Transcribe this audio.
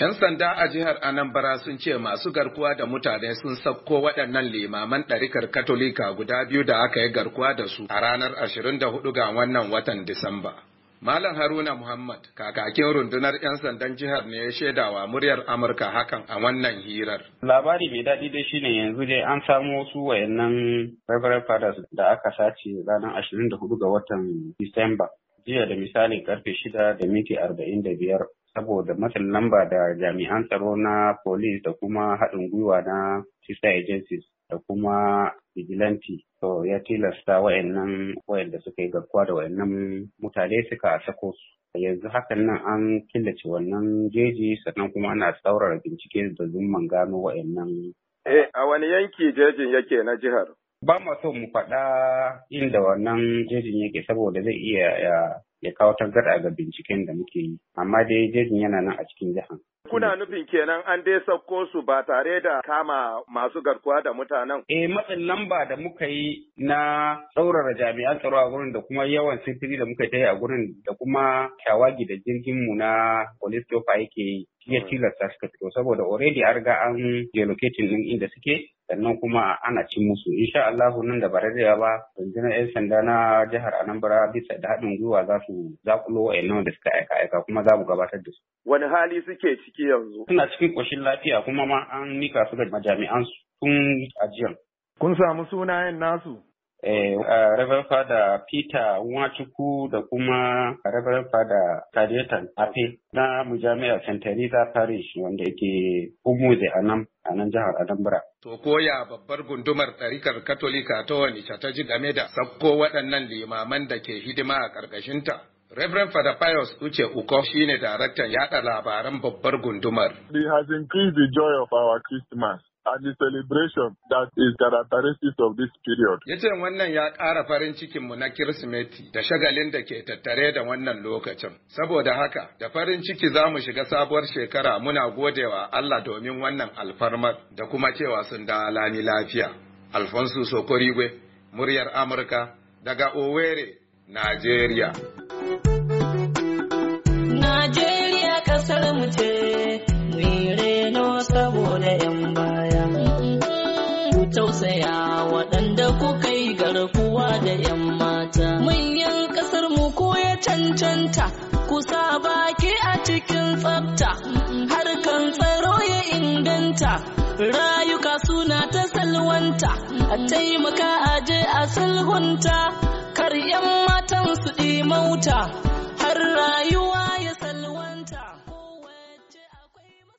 ‘Yan sanda a jihar Anambra sun ce masu garkuwa da mutane sun sauko waɗannan limaman ɗarikar Katolika guda biyu da aka yi garkuwa da su a ranar 24 ga wannan watan Disamba. Malam Haruna Muhammad, kakakin rundunar 'yan sandan jihar ne ya shaidawa muryar Amurka hakan a wannan hirar. Labari mai daɗi dai shine yanzu dai an samo su wayannan Reverend Fathers da aka sace ranar 24 ga watan Disamba. Jiya da misalin karfe shida da minti arba'in da biyar saboda matsin lamba da jami'an tsaro na police da kuma haɗin gwiwa na sister agencies da kuma vigilante to ya tilasta wayannan wayanda suka yi garkuwa da wayannan mutane suka sako su yanzu hakan nan an killace wannan jeji sannan kuma ana saurara bincike da zumman gano wayannan eh a wani yanki jejin yake na jihar ba ma so mu faɗa inda wannan jejin yake saboda zai iya ya kawo tangarɗa ga binciken da muke yi amma dai jejin yana nan a cikin jihar Kuna nufin kenan an dai sauko su ba tare da kama masu garkuwa da mutanen? Eh matsin lamba da muka yi na tsaurara jami'an tsaro a gurin da kuma yawan sintiri da muka yi a gurin da kuma kyawagi da jirgin mu na police yake ya hmm. tilasta suka fito saboda already an riga an geolocating din inda suke sannan kuma ana ci musu insha Allah nan da bare da ba rundunar yan sanda na jihar Anambra bisa da haɗin gwiwa za su zakulo wa'annan da suka aika aika kuma za mu gabatar da su wani hali suke ciki ciki yanzu? Suna cikin ƙoshin lafiya kuma ma an nika su ga majami'an su tun ajiyar. Kun samu sunayen nasu? Eh, uh, Reverend Father Peter Nwachukwu da kuma Reverend Father Kadetan Afe na Mujami'ar St. Teresa Parish wanda yake Umuze a nan a nan jihar Anambra. To koya babbar gundumar ɗarikar Katolika ta wani ta ji game da sakko waɗannan limaman da ke hidima a ƙarƙashinta. Reverend Father Pius Uche Uko shine daraktan yada labaran babbar gundumar. It has increased the joy of our Christmas. and the celebration that is characteristic of this period. Ya ce wannan ya ƙara farin cikinmu na Kirsimeti da shagalin da ke tattare da wannan lokacin. Saboda haka, da farin ciki za mu shiga sabuwar shekara muna godewa Allah domin wannan alfarmar da kuma cewa sun da alani lafiya. Alfonso Sokorigwe, muryar Amurka, daga Owerri, Najeriya. cancanta kusa baki a cikin tsafta harkan tsaro ya inganta rayuka suna ta salwanta a taimaka aje a sulhunta kar 'yan matan su ɗi mauta